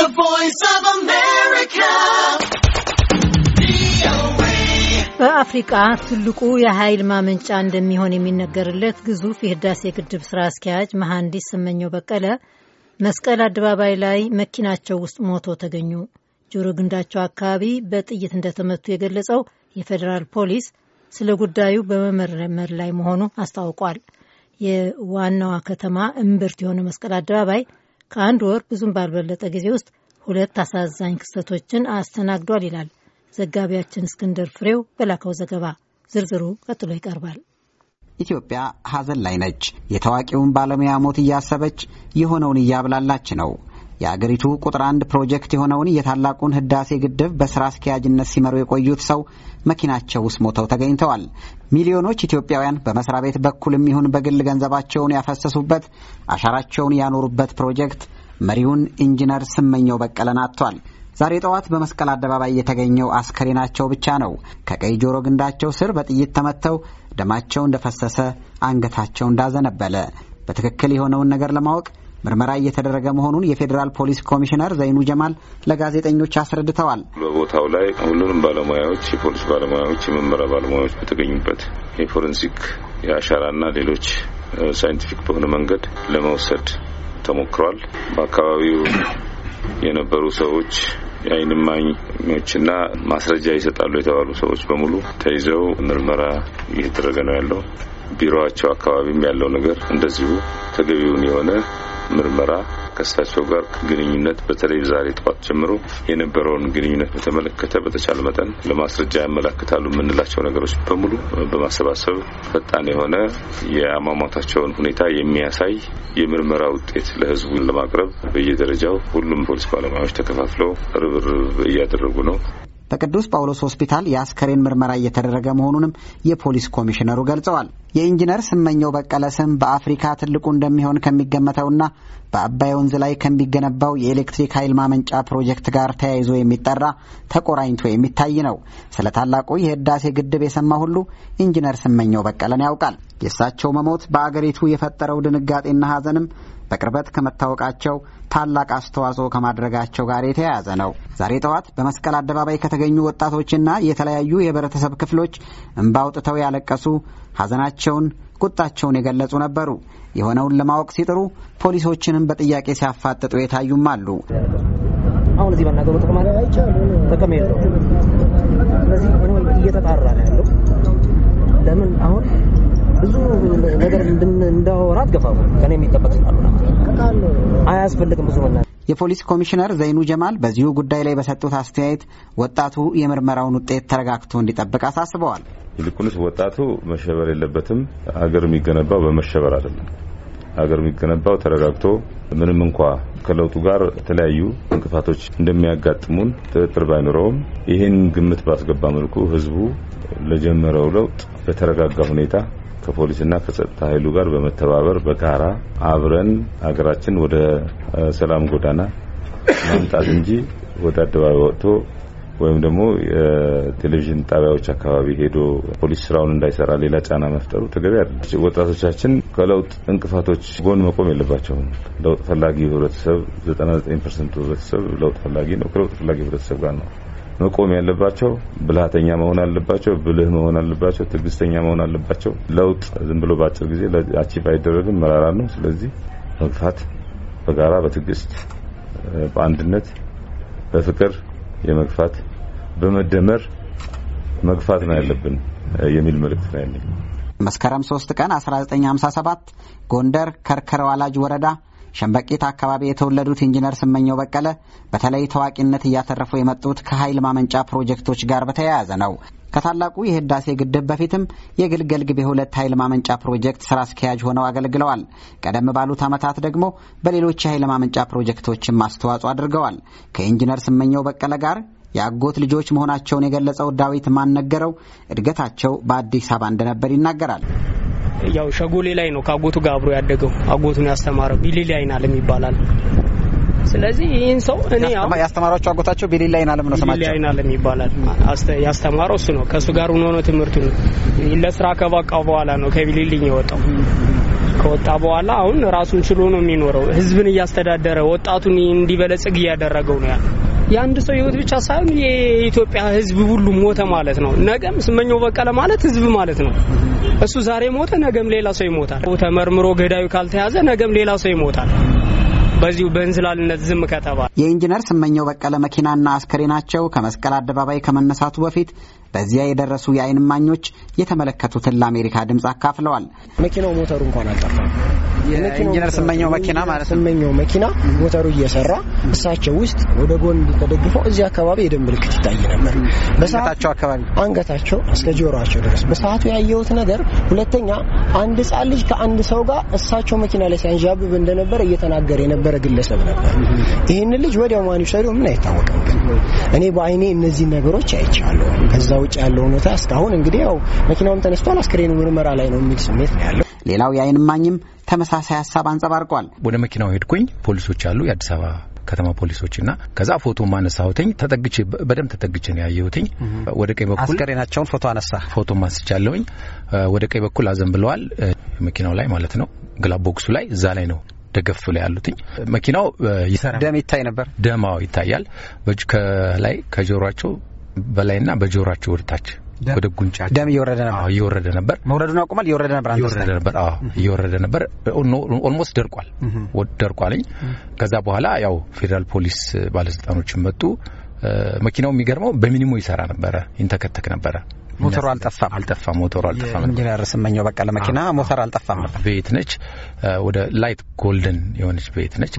The Voice of America. በአፍሪቃ ትልቁ የኃይል ማመንጫ እንደሚሆን የሚነገርለት ግዙፍ የህዳሴ ግድብ ስራ አስኪያጅ መሐንዲስ ስመኘው በቀለ መስቀል አደባባይ ላይ መኪናቸው ውስጥ ሞቶ ተገኙ። ጆሮ ግንዳቸው አካባቢ በጥይት እንደተመቱ የገለጸው የፌዴራል ፖሊስ ስለ ጉዳዩ በመመርመር ላይ መሆኑ አስታውቋል። የዋናዋ ከተማ እምብርት የሆነ መስቀል አደባባይ ከአንድ ወር ብዙም ባልበለጠ ጊዜ ውስጥ ሁለት አሳዛኝ ክስተቶችን አስተናግዷል ይላል ዘጋቢያችን እስክንድር ፍሬው በላከው ዘገባ። ዝርዝሩ ቀጥሎ ይቀርባል። ኢትዮጵያ ሐዘን ላይ ነች። የታዋቂውን ባለሙያ ሞት እያሰበች የሆነውን እያብላላች ነው። የአገሪቱ ቁጥር አንድ ፕሮጀክት የሆነውን የታላቁን ህዳሴ ግድብ በስራ አስኪያጅነት ሲመሩ የቆዩት ሰው መኪናቸው ውስጥ ሞተው ተገኝተዋል። ሚሊዮኖች ኢትዮጵያውያን በመስሪያ ቤት በኩል የሚሆን በግል ገንዘባቸውን ያፈሰሱበት፣ አሻራቸውን ያኖሩበት ፕሮጀክት መሪውን ኢንጂነር ስመኘው በቀለን አጥቷል። ዛሬ ጠዋት በመስቀል አደባባይ የተገኘው አስከሬናቸው ብቻ ነው። ከቀይ ጆሮ ግንዳቸው ስር በጥይት ተመተው ደማቸው እንደፈሰሰ አንገታቸው እንዳዘነበለ በትክክል የሆነውን ነገር ለማወቅ ምርመራ እየተደረገ መሆኑን የፌዴራል ፖሊስ ኮሚሽነር ዘይኑ ጀማል ለጋዜጠኞች አስረድተዋል። በቦታው ላይ ሁሉንም ባለሙያዎች፣ የፖሊስ ባለሙያዎች፣ የምርመራ ባለሙያዎች በተገኙበት የፎረንሲክ የአሻራና ሌሎች ሳይንቲፊክ በሆነ መንገድ ለመውሰድ ተሞክሯል። በአካባቢው የነበሩ ሰዎች የአይን እማኞችና ማስረጃ ይሰጣሉ የተባሉ ሰዎች በሙሉ ተይዘው ምርመራ እየተደረገ ነው ያለው። ቢሮቸው አካባቢም ያለው ነገር እንደዚሁ ተገቢውን የሆነ ምርመራ ከእሳቸው ጋር ግንኙነት በተለይ ዛሬ ጠዋት ጀምሮ የነበረውን ግንኙነት በተመለከተ በተቻለ መጠን ለማስረጃ ያመላክታሉ የምንላቸው ነገሮች በሙሉ በማሰባሰብ ፈጣን የሆነ የአሟሟታቸውን ሁኔታ የሚያሳይ የምርመራ ውጤት ለሕዝቡ ለማቅረብ በየደረጃው ሁሉም ፖሊስ ባለሙያዎች ተከፋፍለው ርብርብ እያደረጉ ነው። በቅዱስ ጳውሎስ ሆስፒታል የአስከሬን ምርመራ እየተደረገ መሆኑንም የፖሊስ ኮሚሽነሩ ገልጸዋል። የኢንጂነር ስመኘው በቀለ ስም በአፍሪካ ትልቁ እንደሚሆን ከሚገመተውና በአባይ ወንዝ ላይ ከሚገነባው የኤሌክትሪክ ኃይል ማመንጫ ፕሮጀክት ጋር ተያይዞ የሚጠራ ተቆራኝቶ የሚታይ ነው። ስለ ታላቁ የህዳሴ ግድብ የሰማ ሁሉ ኢንጂነር ስመኘው በቀለን ያውቃል። የእሳቸው መሞት በአገሪቱ የፈጠረው ድንጋጤና ሐዘንም በቅርበት ከመታወቃቸው ታላቅ አስተዋጽኦ ከማድረጋቸው ጋር የተያያዘ ነው። ዛሬ ጠዋት በመስቀል አደባባይ ከተገኙ ወጣቶችና የተለያዩ የህብረተሰብ ክፍሎች እንባ አውጥተው ያለቀሱ፣ ሀዘናቸውን፣ ቁጣቸውን የገለጹ ነበሩ። የሆነውን ለማወቅ ሲጥሩ ፖሊሶችንም በጥያቄ ሲያፋጥጡ የታዩም አሉ። አሁን እዚህ መናገሩ ጥቅም አለ? ጥቅም የለውም። ስለዚህ እየተጣራ ነው ያለው ለምን አሁን ብዙ ነገር እንዳወራ አትገፋፉ። ከኔ የሚጠበቅ ስላሉ አያስፈልግም ብዙ መናገር። የፖሊስ ኮሚሽነር ዘይኑ ጀማል በዚሁ ጉዳይ ላይ በሰጡት አስተያየት ወጣቱ የምርመራውን ውጤት ተረጋግቶ እንዲጠብቅ አሳስበዋል። ይልቁንስ ወጣቱ መሸበር የለበትም። ሀገር የሚገነባው በመሸበር አይደለም። አገር የሚገነባው ተረጋግቶ ምንም እንኳ ከለውጡ ጋር የተለያዩ እንቅፋቶች እንደሚያጋጥሙን ጥርጥር ባይኖረውም ይህን ግምት ባስገባ መልኩ ህዝቡ ለጀመረው ለውጥ በተረጋጋ ሁኔታ ከፖሊስና ከጸጥታ ኃይሉ ጋር በመተባበር በጋራ አብረን ሀገራችን ወደ ሰላም ጎዳና ማምጣት እንጂ ወደ አደባባይ ወጥቶ ወይም ደግሞ የቴሌቪዥን ጣቢያዎች አካባቢ ሄዶ ፖሊስ ስራውን እንዳይሰራ ሌላ ጫና መፍጠሩ ተገቢ አይደለም። ወጣቶቻችን ከለውጥ እንቅፋቶች ጎን መቆም የለባቸውም። ለውጥ ፈላጊ ህብረተሰብ 99 ፐርሰንቱ ህብረተሰብ ለውጥ ፈላጊ ነው። ከለውጥ ፈላጊ ህብረተሰብ ጋር ነው መቆም ያለባቸው ብልሃተኛ መሆን አለባቸው፣ ብልህ መሆን አለባቸው፣ ትዕግስተኛ መሆን አለባቸው። ለውጥ ዝም ብሎ በአጭር ጊዜ አቺቭ አይደረግም፣ መራራ ነው። ስለዚህ መግፋት በጋራ በትዕግስት በአንድነት በፍቅር የመግፋት በመደመር መግፋት ነው ያለብን የሚል መልእክት ነው ያለኝ። መስከረም 3 ቀን 1957 ጎንደር ከርከረ ዋላጅ ወረዳ ሸንበቂት አካባቢ የተወለዱት ኢንጂነር ስመኘው በቀለ በተለይ ታዋቂነት እያተረፉ የመጡት ከኃይል ማመንጫ ፕሮጀክቶች ጋር በተያያዘ ነው። ከታላቁ የህዳሴ ግድብ በፊትም የግልገል ግቤ ሁለት ኃይል ማመንጫ ፕሮጀክት ስራ አስኪያጅ ሆነው አገልግለዋል። ቀደም ባሉት ዓመታት ደግሞ በሌሎች የኃይል ማመንጫ ፕሮጀክቶችም አስተዋጽኦ አድርገዋል። ከኢንጂነር ስመኘው በቀለ ጋር የአጎት ልጆች መሆናቸውን የገለጸው ዳዊት ማን ነገረው እድገታቸው በአዲስ አበባ እንደነበር ይናገራል። ያው ሸጎሌ ላይ ነው ከአጎቱ ጋር አብሮ ያደገው። አጎቱን ያስተማረው ቢሊሊ አይናለም ይባላል። ስለዚህ ይህን ሰው እኔ ያው ያስተማራቸው አጎታቸው ቢሊሊ አይናለም ነው ስማቸው። ቢሊሊ አይናለም ይባላል። ያስተማረው እሱ ነው። ከእሱ ጋር ሆኖ ነው ትምህርቱን ለስራ ከባቃው በኋላ ነው ከቢሊሊ የወጣው። ከወጣ በኋላ አሁን ራሱን ችሎ ነው የሚኖረው። ህዝብን እያስተዳደረ ወጣቱን እንዲበለጽግ እያደረገው ነው ያለው። የአንድ ሰው ህይወት ብቻ ሳይሆን የኢትዮጵያ ህዝብ ሁሉ ሞተ ማለት ነው። ነገም ስመኘው በቀለ ማለት ህዝብ ማለት ነው። እሱ ዛሬ ሞተ፣ ነገም ሌላ ሰው ይሞታል። ተመርምሮ ገዳዩ ካልተያዘ ነገም ሌላ ሰው ይሞታል። በዚሁ በእንዝላልነት ዝም ከተባለ የኢንጂነር ስመኘው በቀለ መኪናና አስከሬናቸው ከመስቀል አደባባይ ከመነሳቱ በፊት በዚያ የደረሱ የአይን እማኞች የተመለከቱትን ለአሜሪካ ድምፅ አካፍለዋል። መኪናው ሞተሩ እንኳን አልጠፋም። የኢንጂነር ስመኘው መኪና ማለት ነው። ስመኘው መኪና ሞተሩ እየሰራ እሳቸው ውስጥ ወደ ጎን ተደግፈው እዚህ አካባቢ የደም ምልክት ይታይ ነበር። በሰዓታቸው አካባቢ አንገታቸው እስከ ጆሮአቸው ድረስ በሰዓቱ ያየሁት ነገር፣ ሁለተኛ አንድ ህጻን ልጅ ከአንድ ሰው ጋር እሳቸው መኪና ላይ ሲያንዣብብ እንደነበረ እየተናገረ የነበረ ግለሰብ ነበር። ይህን ልጅ ወዲያው ማን ይሰሪው ምን አይታወቅም። እኔ በአይኔ እነዚህ ነገሮች አይቻለሁ። ከዛ ውጭ ያለው ሁኔታ እስካሁን እንግዲህ ያው መኪናውም ተነስቷል፣ አስክሬኑ ምርመራ ላይ ነው የሚል ስሜት ነው ያለው። ሌላው የአይን እማኝም ተመሳሳይ ሀሳብ አንጸባርቋል። ወደ መኪናው ሄድኩኝ። ፖሊሶች አሉ የአዲስ አበባ ከተማ ፖሊሶች እና ከዛ ፎቶ ማነሳሁትኝ ተጠግቼ በደንብ ተጠግቼ ነው ያየሁትኝ። ወደ ቀኝ በኩል አስከሬናቸውን ፎቶ አነሳ ፎቶ ማስቻለሁኝ። ወደ ቀኝ በኩል አዘን ብለዋል መኪናው ላይ ማለት ነው ግላ ቦክሱ ላይ እዛ ላይ ነው ደገፍ ላይ ያሉትኝ። መኪናው ይሰራ ደም ይታይ ነበር። ደማው ይታያል ከላይ ከጆሯቸው በላይና በጆሯቸው ወደታች ወደ ጉንጫቸው ደም እየወረደ ነበር። እየወረደ ነበር። መውረዱን አቁማል እየወረደ ነበር። እየወረደ ነበር። አዎ እየወረደ ነበር። ኦልሞስት ደርቋል። ደርቋልኝ። ከዛ በኋላ ያው ፌዴራል ፖሊስ ባለስልጣኖች መጡ። መኪናው የሚገርመው በሚኒሞ ይሰራ ነበረ፣ ይንተከተክ ነበረ። ሞተሩ አልጠፋም አልጠፋም። ሞተሩ አልጠፋም። ኢንጂነር ስመኘው በቀለ መኪና ሞተር አልጠፋም። ቤት ነች፣ ወደ ላይት ጎልደን የሆነች ቤት ነች።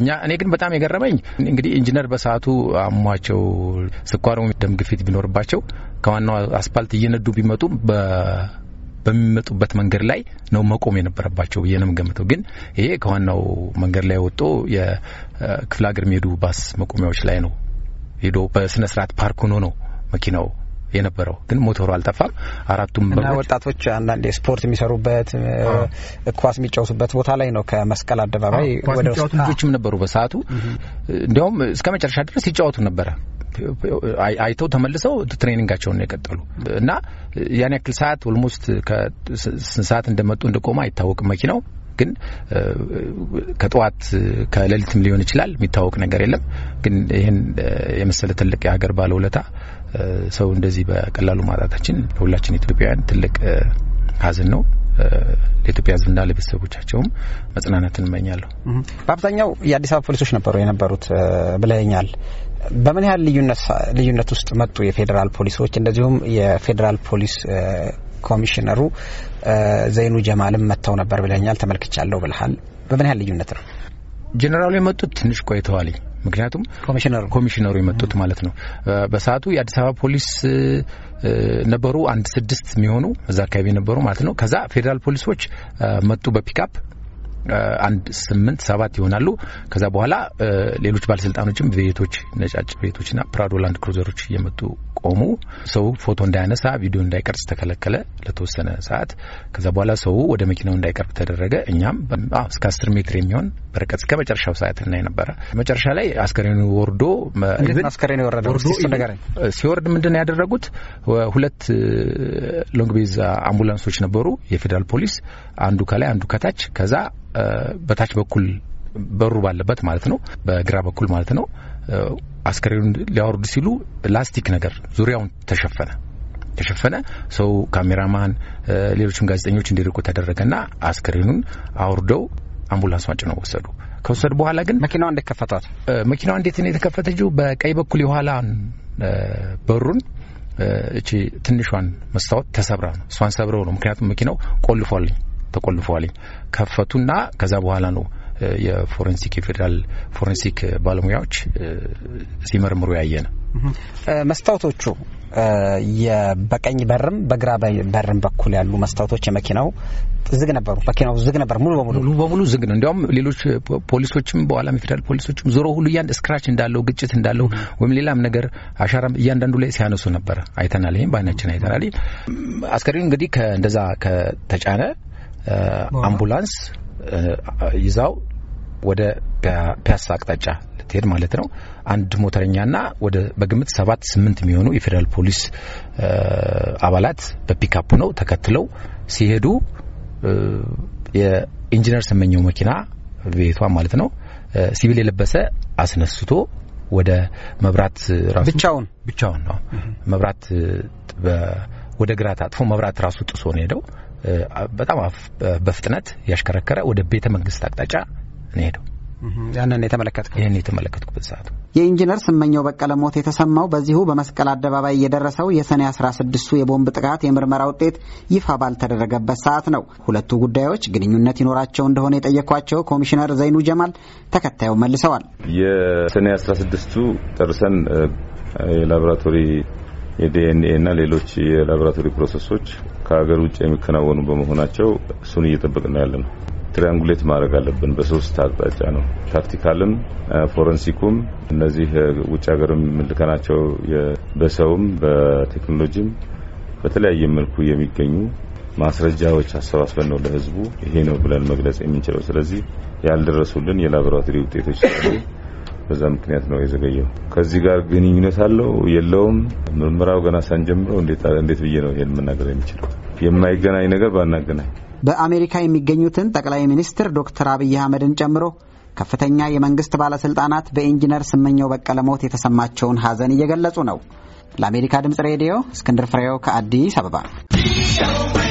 እኛ እኔ ግን በጣም የገረመኝ እንግዲህ ኢንጂነር በሰዓቱ አሟቸው ስኳር ደም ግፊት ቢኖርባቸው ከዋናው አስፓልት እየነዱ ቢመጡ በሚመጡበት መንገድ ላይ ነው መቆም የነበረባቸው ብዬ ነው ግን ይሄ ከዋናው መንገድ ላይ ወጦ የክፍለ ሀገር የሚሄዱ ባስ መቆሚያዎች ላይ ነው ሄዶ በስነ ስርዓት ፓርክ ሆኖ ነው መኪናው የነበረው ግን ሞተሩ አልጠፋም። አራቱም እና ወጣቶች አንዳንድ ስፖርት የሚሰሩበት ኳስ የሚጫወቱበት ቦታ ላይ ነው። ከመስቀል አደባባይ ወደ ውስጥ ልጆችም ነበሩ በሰዓቱ እንዲያውም እስከ መጨረሻ ድረስ ይጫወቱ ነበረ። አይተው ተመልሰው ትሬኒንጋቸውን ነው የቀጠሉ እና ያን ያክል ሰዓት ኦልሞስት ከስንት ሰዓት እንደመጡ እንደቆመ አይታወቅም መኪናው ግን ከጠዋት ከሌሊትም ሊሆን ይችላል የሚታወቅ ነገር የለም። ግን ይህን የመሰለ ትልቅ የሀገር ባለውለታ ሰው እንደዚህ በቀላሉ ማጣታችን ለሁላችን ኢትዮጵያውያን ትልቅ ሀዘን ነው። ለኢትዮጵያ ሕዝብና ለቤተሰቦቻቸውም መጽናናትን እመኛለሁ። በአብዛኛው የአዲስ አበባ ፖሊሶች ነበሩ የነበሩት ብለኛል። በምን ያህል ልዩነት ውስጥ መጡ የፌዴራል ፖሊሶች? እንደዚሁም የፌዴራል ፖሊስ ኮሚሽነሩ ዘይኑ ጀማልም መጥተው ነበር ብለኛል፣ ተመልክቻለሁ ብልሃል። በምን ያህል ልዩነት ነው? ጄኔራሉ የመጡት ትንሽ ቆይተዋል። ምክንያቱም ኮሚሽነሩ ኮሚሽነሩ የመጡት ማለት ነው። በሰዓቱ የአዲስ አበባ ፖሊስ ነበሩ አንድ ስድስት የሚሆኑ እዛ አካባቢ ነበሩ ማለት ነው። ከዛ ፌዴራል ፖሊሶች መጡ በፒክአፕ አንድ ስምንት ሰባት ይሆናሉ። ከዛ በኋላ ሌሎች ባለስልጣኖችም ቤቶች፣ ነጫጭ ቤቶችና ፕራዶ ላንድ ክሩዘሮች እየመጡ ቆሙ። ሰው ፎቶ እንዳያነሳ፣ ቪዲዮ እንዳይቀርጽ ተከለከለ ለተወሰነ ሰዓት። ከዛ በኋላ ሰው ወደ መኪናው እንዳይቀርብ ተደረገ። እኛም እስከ አስር ሜትር የሚሆን በርቀት እስከ መጨረሻው ሰዓት እናይ ነበረ። መጨረሻ ላይ አስከሬኑ ወርዶ አስከሬኑ ሲወርድ ምንድን ነው ያደረጉት? ሁለት ሎንግ ቤዝ አምቡላንሶች ነበሩ የፌዴራል ፖሊስ አንዱ ከላይ አንዱ ከታች ከዛ በታች በኩል በሩ ባለበት ማለት ነው፣ በግራ በኩል ማለት ነው። አስከሬኑን ሊያወርዱ ሲሉ ላስቲክ ነገር ዙሪያውን ተሸፈነ ተሸፈነ። ሰው ካሜራማን፣ ሌሎችም ጋዜጠኞች እንዲርቁ ተደረገና አስከሬኑን አውርደው አምቡላንስ ነው ወሰዱ። ከወሰዱ በኋላ ግን መኪናዋ እንዴት ከፈቷት? መኪናዋ እንዴት ነው የተከፈተችው? በቀኝ በኩል የኋላን በሩን እቺ ትንሿን መስታወት ተሰብራ ነው። እሷን ሰብረው ነው። ምክንያቱም መኪናው ቆልፏልኝ ተቆልፈዋል። ከፈቱና ከዛ በኋላ ነው የፎረንሲክ የፌዴራል ፎረንሲክ ባለሙያዎች ሲመርምሩ ያየ ነው። መስታወቶቹ በቀኝ በርም በግራ በርም በኩል ያሉ መስታወቶች የመኪናው ዝግ ነበሩ። መኪናው ዝግ ነበር፣ ሙሉ በሙሉ ሙሉ በሙሉ ዝግ ነው። እንዲያውም ሌሎች ፖሊሶችም በኋላም የፌዴራል ፖሊሶችም ዞሮ ሁሉ እያንድ ስክራች እንዳለው ግጭት እንዳለው ወይም ሌላም ነገር አሻራም እያንዳንዱ ላይ ሲያነሱ ነበር አይተናል። ይህም በአይናችን አይተናል። አስከሬኑ እንግዲህ ከእንደዛ ከተጫነ አምቡላንስ ይዛው ወደ ፒያሳ አቅጣጫ ልትሄድ ማለት ነው። አንድ ሞተረኛና ወደ በግምት ሰባት ስምንት የሚሆኑ የፌዴራል ፖሊስ አባላት በፒካፕ ነው ተከትለው ሲሄዱ የኢንጂነር ስመኘው መኪና ቤቷ ማለት ነው ሲቪል የለበሰ አስነስቶ ወደ መብራት ራሱ ብቻውን ብቻውን ነው መብራት ወደ ግራ ታጥፎ መብራት ራሱ ጥሶ ነው ሄደው በጣም በፍጥነት ያሽከረከረ ወደ ቤተ መንግስት አቅጣጫ ነው ሄደው። ያንን የተመለከትኩ ይህን የተመለከትኩበት ሰዓት የኢንጂነር ስመኘው በቀለ ሞት የተሰማው በዚሁ በመስቀል አደባባይ የደረሰው የሰኔ 16ቱ የቦምብ ጥቃት የምርመራ ውጤት ይፋ ባልተደረገበት ሰዓት ነው። ሁለቱ ጉዳዮች ግንኙነት ይኖራቸው እንደሆነ የጠየኳቸው ኮሚሽነር ዘይኑ ጀማል ተከታዩ መልሰዋል። የሰኔ 16ቱ ደርሰን የላቦራቶሪ የዲኤንኤ እና ሌሎች የላቦራቶሪ ፕሮሰሶች ከሀገር ውጭ የሚከናወኑ በመሆናቸው እሱን እየጠበቅን ያለ ነው። ትሪያንጉሌት ማድረግ አለብን። በሶስት አቅጣጫ ነው። ታክቲካልም፣ ፎረንሲኩም እነዚህ ውጭ ሀገር የምንልከናቸው በሰውም በቴክኖሎጂም በተለያየ መልኩ የሚገኙ ማስረጃዎች አሰባስበን ነው ለህዝቡ ይሄ ነው ብለን መግለጽ የምንችለው። ስለዚህ ያልደረሱልን የላቦራቶሪ ውጤቶች በዛ ምክንያት ነው የዘገየው። ከዚህ ጋር ግንኙነት አለው የለውም፣ ምርመራው ገና ሳንጀምረው እንዴት ብዬ ነው ይሄን መናገር የሚችለው? የማይገናኝ ነገር ባናገናኝ። በአሜሪካ የሚገኙትን ጠቅላይ ሚኒስትር ዶክተር አብይ አህመድን ጨምሮ ከፍተኛ የመንግስት ባለስልጣናት በኢንጂነር ስመኘው በቀለ ሞት የተሰማቸውን ሀዘን እየገለጹ ነው። ለአሜሪካ ድምጽ ሬዲዮ እስክንድር ፍሬው ከአዲስ አበባ